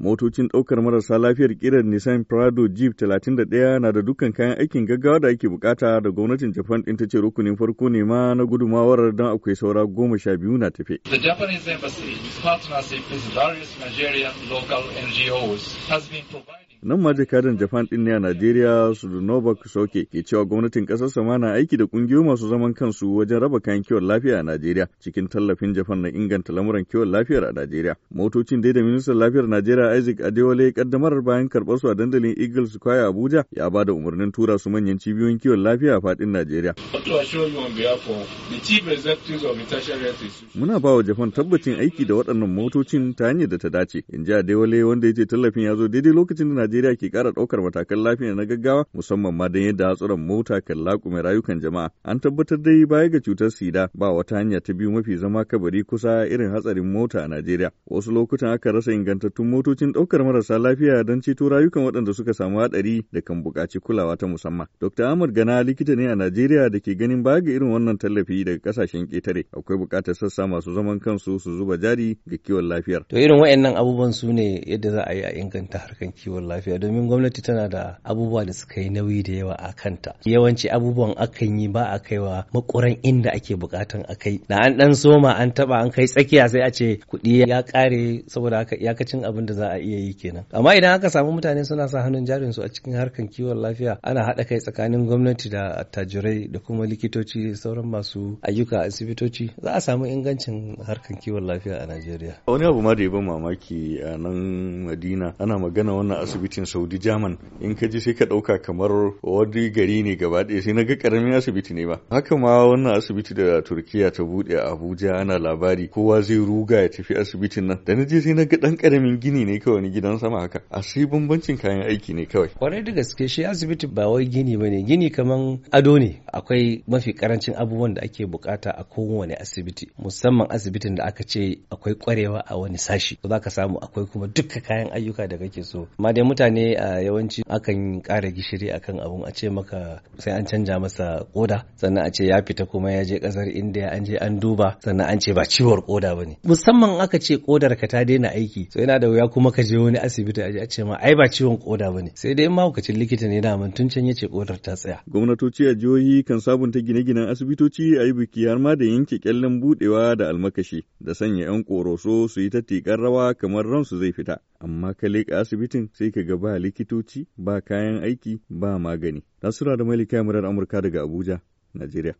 Motocin ɗaukar marasa lafiyar ƙirar Nissan Prado Jeep 31 na da dukkan kayan aikin gaggawa da ake bukata da gwamnatin Japan ɗin ta ce rukunin farko ne ma na gudumawar don akwai saura goma sha biyu na tafe. The Japanese embassy, partnership local NGOs, Nan ma jakadan Japan din ne a Najeriya Novak Soke ke cewa gwamnatin kasar sama na aiki da kungiyoyi masu zaman kansu wajen raba kayan kiwon lafiya a Najeriya cikin tallafin Japan na inganta lamuran kiwon lafiyar a Najeriya. Motocin dai da ministan lafiyar Najeriya Isaac Adewale kaddamar bayan karɓar su a dandalin Eagle Square Abuja ya ba da umarnin tura su manyan cibiyoyin kiwon lafiya a faɗin Najeriya. Muna ba wa Japan tabbacin aiki da waɗannan motocin ta hanyar da ta dace. In ji Adewale wanda ya ce tallafin ya zo daidai lokacin da Najeriya ke kara ɗaukar matakan lafiya na gaggawa musamman ma don yadda hatsuran mota kan laƙume rayukan jama'a. An tabbatar dai baya ga cutar sida ba wata hanya ta biyu mafi zama kabari kusa irin hatsarin mota a Najeriya. Wasu lokutan aka rasa ingantattun motocin ɗaukar marasa lafiya don ceto rayukan waɗanda suka samu hatsari da kan buƙaci kulawa ta musamman. Dr. Ahmad Gana likita ne a Najeriya da ke ganin baya ga irin wannan tallafi daga kasashen ƙetare akwai buƙatar sassa masu zaman kansu su zuba jari ga kiwon lafiyar. To irin waɗannan abubuwan su ne yadda za a yi a inganta harkar kiwon lafiya. lafiya domin gwamnati tana da abubuwa da suka yi nauyi da yawa a kanta yawanci abubuwan akan yi ba a kaiwa makuran inda ake bukatan a kai da an dan soma an taba an kai tsakiya sai a ce kuɗi ya kare saboda haka iyakacin abin da za a iya yi kenan amma idan aka samu mutane suna sa hannun jarin su a cikin harkan kiwon lafiya ana haɗa kai tsakanin gwamnati da attajirai da kuma likitoci sauran masu ayyuka a asibitoci za a samu ingancin harkan kiwon lafiya a Najeriya wani abu ma da ya ban mamaki a nan Madina ana magana wannan asibiti asibitin saudi german in ka ji sai ka ɗauka kamar wani gari ne gaba ɗaya sai na ga ƙaramin asibiti ne ba haka ma wannan asibiti da turkiya ta buɗe a abuja ana labari kowa zai ruga ya tafi asibitin nan da na je sai na ga ɗan ƙaramin gini ne kawai ni gidan sama haka a sai bambancin kayan aiki ne kawai kwarai da gaske shi asibiti ba wai gini ba ne gini kaman ado ne akwai mafi karancin abubuwan da ake bukata a kowane asibiti musamman asibitin da aka ce akwai kwarewa a wani sashi za ka samu akwai kuma dukka kayan ayyuka da kake so mutane a yawanci akan ƙara gishiri akan abun a ce maka sai an canja masa koda sannan a ce ya fita kuma ya je ƙasar indiya an je an duba sannan an ce ba ciwon koda ba ne musamman aka ce kodar ka ta daina aiki so yana da wuya kuma ka je wani asibiti a ce ma ai ba ciwon koda ba ne sai dai mahaukacin likita ne da tun can ya ce kodar ta tsaya gwamnatoci a jihohi kan sabunta gine-ginen asibitoci a yi biki har ma da yanke kyallen budewa da almakashi da sanya 'yan koroso su yi ta rawa kamar ransu zai fita amma ka leƙa asibitin sai ka ga ba likitoci ba kayan aiki ba magani nasura da malika murar amurka daga abuja najeriya